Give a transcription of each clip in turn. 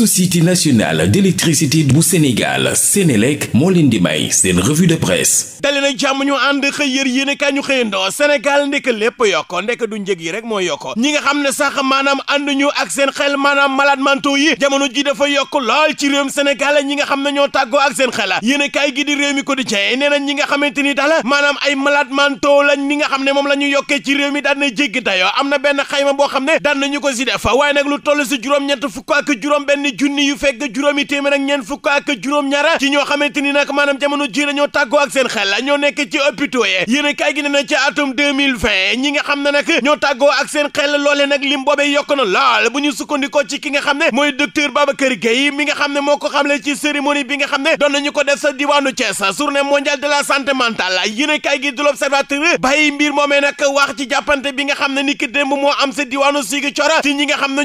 société nationale d'électricité bu Sénégal Sénélec moo leen di may seen revue de presse dali na jàmm ñu ànd xëy yër yéen kaay ñu xëyandoo Sénégal ndekk lépp yokko ndekk du njëg yi rek moo yokko ñi nga xam ne sax maanaam ànd ñu ak seen xel maanaam malade mentaux yi jamono ji dafa yokk lool ci réewum Sénégal ñi nga xam ne ñoo tàggoo ak seen xel yéen kaay gi di réew mi quotidien nee na ñi nga xamante ni daal maanaam ay malade mentaux lañ ñi nga xam ne moom la ñu yokkee ci réew mi daan na jéggi dayoo am na benn xam ne daan nañu ko si juróomi junni yu fekk juróomi téeméer ak ñeent fukk ak juróom-ñaara ci ñoo xamante ni nag maanaam jamono ji ñoo tàggoo ak seen xel ñoo nekk ci hôpitaux yi yéen kaay gi ne ci atum ñi nga xam ne nag ñoo tàggoo ak seen xel loole nag lim boobee yokk na lool bu ñu sukkandikoo ci ki nga xam ne mooy docteur Babacar Gueye mi nga xam ne moo ko xamle ci cérémonie bi nga xam ne doon nañu ko def sa diwaanu Thiès journée ne moo am sa diwaanu Ziguinchor ci ñi nga xam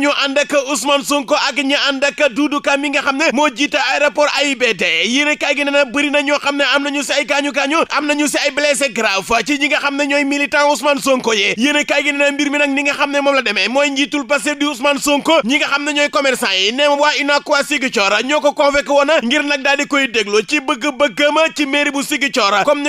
ak Doudou Ka mi nga xam ne moo jiite aéroport AIBD yéen kaay gi nee na bëri na ñoo xam ne am nañu si ay gaañu-gaañu am nañu si ay blessé grave ci ñi nga xam ne ñooy militant Ousmane Sonko yi yéen kaay gi nee na mbir mi nag ni nga xam ne moom la demee mooy njiitul Pastef di Ousmane Sonko ñi nga xam ne ñooy commerçant yi ne waa UNACOIS Ziguinchor ñoo ko convoqué woon ngir nag daal di koy déglu ci bëgg-bëggam ci mairie bu Ziguinchor comme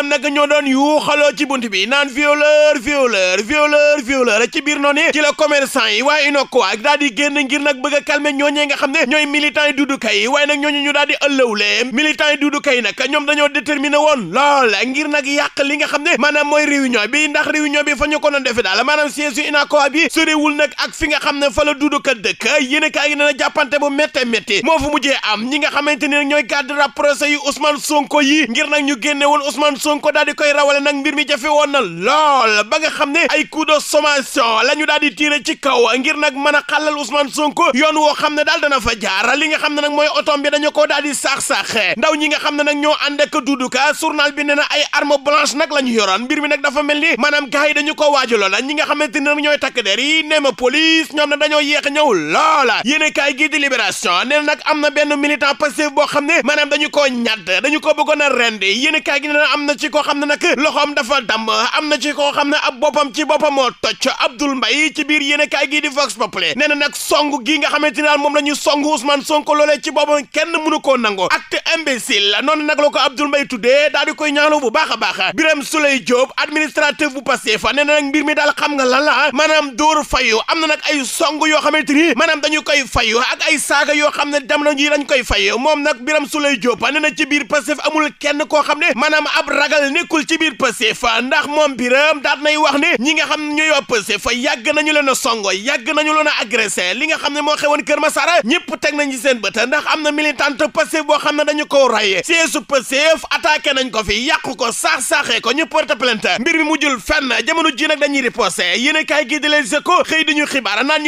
a defee nag ñoo doon yuuxaloo ci bunt bi naan violeur violeur violeur violeur ci biir noonu ci la commerçant yi waaye ko ak daal di génn ngir nag bëgg a ñooñee nga xam ne ñooy militants yi Doudou Ka yi waaye nag ñooñu ñu daal di ëllëwlee militants yi Doudou Ka yi nag ñoom dañoo déterminé woon lool ngir nag yàq li nga xam ne maanaam mooy réunion bi ndax réunion bi fa ñu ko doon defee daal maanaam siège yu UNACOIS bi soriwul nag ak fi nga xam ne fa la Doudou Ka dëkk yéen a kaay na jàppante bu métte métti moo fu mujjee am ñi nga xamante ni ñooy cadre procès yu Ousmane yi ngir nag ñu génne woon Ousmane Sonko ko daal di koy rawale nag mbir mi jafe woon na lool ba nga xam ne ay coup de sommation la ñu daal di tiire ci kaw ngir nag mën a xàllal son Sonko yoon woo xam ne daal dana fa jaar li nga xam ne nag mooy otom bi dañu koo daal di saax-saaxe ndaw ñi nga xam ne nag ñoo ànd ak duduka journal bi nee na ay arme blanche nag la ñu yoroon mbir mi nag dafa mel ni maanaam gars yi dañu ko waajuloo la ñi nga xamante ne nag ñooy takk der yi nee ma police ñoom na dañoo yéex a na nag am na benn militant passif boo xam ne maanaam dañu koo ñadd dañu ko bëggoon a rendi yéene kaay am na ci koo xam na nag loxoom dafa dam am na ci koo xam ne ab boppam ci boppam moo toj Abdoul Mbaye ci biir yéen a kaay gii di Vox Populi na nag song gi nga xamante ne daal moom la ñu song Ousmane Sonko loolee ci boppam kenn mënu koo nangoo acte imbécile noonu nag la ko Abdoul Mbaye tuddee daal di koy ñaanu bu baax a baax Birame Souleye Diop administrateur bu Pastef nee na nag mbir mi daal xam nga lan la ah. maanaam dóor fayu am na nag ay song yoo xamante ni maanaam dañu koy fayu ak ay yoo xam ne jamono ji dañ koy fayu moom nag Birame Souleye Diop nee na ci biir kenn koo xam ne maanaam ab ragal xel nekkul ci biir Pastef ndax moom biram daat nay wax ne ñi nga xam ne ñooy fa yàgg nañu leen a yàgg nañu leen a agressé li nga xam ne moo xewoon Kër Masar ñëpp teg nañ ci seen bët ndax am na militante Pastef boo xam ne dañu ko rey siège Pastef nañ ko fi yàqu ko saax-saaxee ko ñu porte plainte mbir mi mujjul fenn jamono ji nag dañuy riposé yéen a kaay gi di leen sëkko xëy di ñu xibaar naan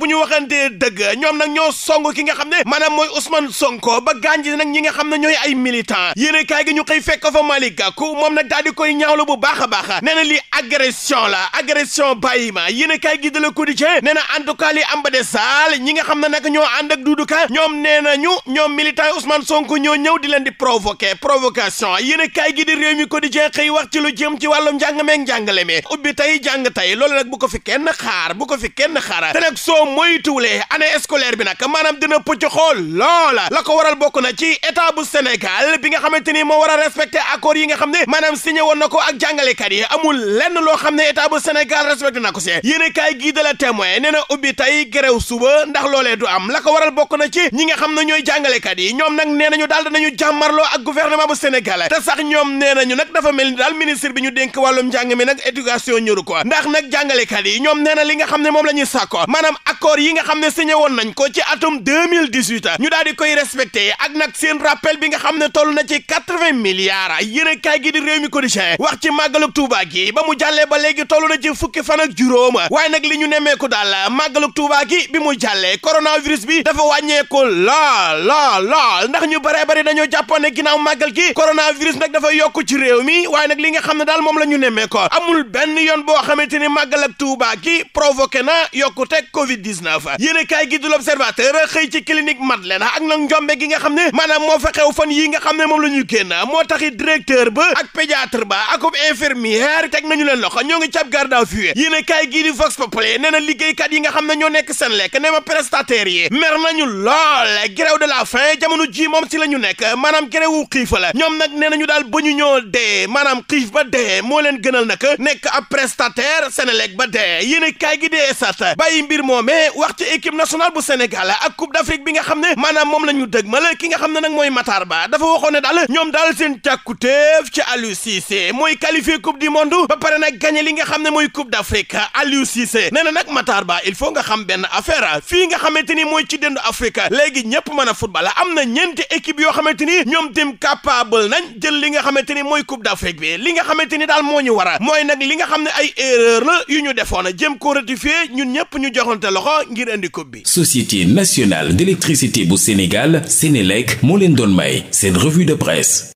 bu ñu waxantee dëgg ñoom nag ñoo song ki nga xam ne maanaam mooy Ousmane Sonko ba gaañ ji nag ñi nga xam ne ñooy ay militant yéen a kaay gi ñu xëy fekk fekk fa Malick Gakou moom nag daal di koy ñaawlu bu baax a baax nee na lii agression la agression bàyyi ma yéen a kaay gi de Le Quotidien nee na saal ñi nga xam ne nag ñoo ànd ak ñoom nee na ñu ñoom militant Ousmane Sonko ñëw di leen di provoquer provocation yéen a kaay gi di réew mi Quotidien xëy wax ci lu jëm ci wàllum njàng meeg njàngale mi ubbi tey jàng tey loolu nag bu ko fi kenn xaar bu ko fi bi nag maanaam dina pëcc xool loola la na ci état bu Sénégal bi ni moo a te accord yi nga xam ne maanaam signé woon na ko ak jàngalekat yi amul lenn loo xam ne état bu na ko si yéen a gii de la témoin nee na ubbi tey gréw suba ndax loolee am la ko bokk na ci ñi nga xam ne ñooy jàngalekat yi ñoom nag nee nañu daal danañu jàmmarloo ak gouvernement Sénégal te sax ñoom nee nañu dafa mel ni daal ministre bi ñu dénk wàllum njàng mi nag ndax nag jàngalekat yi ñoom nee na li nga xam ne moom la ñuy sàkko maanaam accord yi nga xam ne signé woon nañ ko ci atum 2018 ñu daal di koy respecté ak nag seen rappel bi nga xam ne toll na ci mil milliards milliards yéen kaay gi di réew mi quotidien wax ci màggalug Touba gi ba mu jàllee ba léegi toll na ci fukki fan ak juróom waaye nag li ñu nemmeeku daal màggalug Touba gi bi mu jàllee coronavirus bi dafa wàññeeku lool lool lool ndax ñu baree bari dañoo jàppoon ne ginnaaw màggal gi coronavirus nag dafa yokk ci réew mi waaye nag li nga xam ne daal moom la ñu nemmee ko amul benn yoon boo xamante ni màggal ak Touba gi provoqué na yokkute Covid 19 yéen kaay gi du l'observateur xëy ci clinique Madeleine ak nag njombe gi nga xam ne maanaam moo fa xew yi nga xam ne moom la ñu génn moo bi directeur ba ak pédiatre ba akub infirmière teg nañu leen loxo ñoo ngi cab garde à vue yéen a kaay gii di Vox Populi nee na liggéeykat yi nga xam ne ñoo nekk seen lekk nee ma prestataires yi mer nañu lool grève de la faim jamono ji moom si la ñu nekk maanaam grève wu xiif la ñoom nag nee nañu daal ba ñu ñoo dee maanaam xiif ba dee moo leen gënal nag nekk ab prestataire Senelec ba dee yéen a kaay gi dee sat bàyyi mbir moomee wax ci équipe nationale bu Sénégal ak coupe d'Afrique bi nga xam ne maanaam moom la ñu dëgmal ki nga xam ne nag mooy Matar Ba dafa waxoon ne daal càkkutéef ci Aliou Cissé mooy qualifié coupe du monde ba pare nag gagné li nga xam ne mooy coupe d'Afrique Aliou Cissé nee na nag Matar Ba il faut nga xam benn affaire fii nga xamante ni mooy ci dendu Afrique léegi ñëpp mën a football am na ñeenti équipe yoo xamante ni ñoom tim capable nañ jël li nga xamante ni mooy coupe d'Afrique bi li nga xamante ni daal moo ñu war mooy nag li nga xam ne ay erreur la yu ñu defoon jëm ko rectifier ñun ñëpp ñu joxante loxo ngir indi coupe bi. Société nationale d'électricité bu Sénégal Sénélec moo leen doon may seen revue de presse.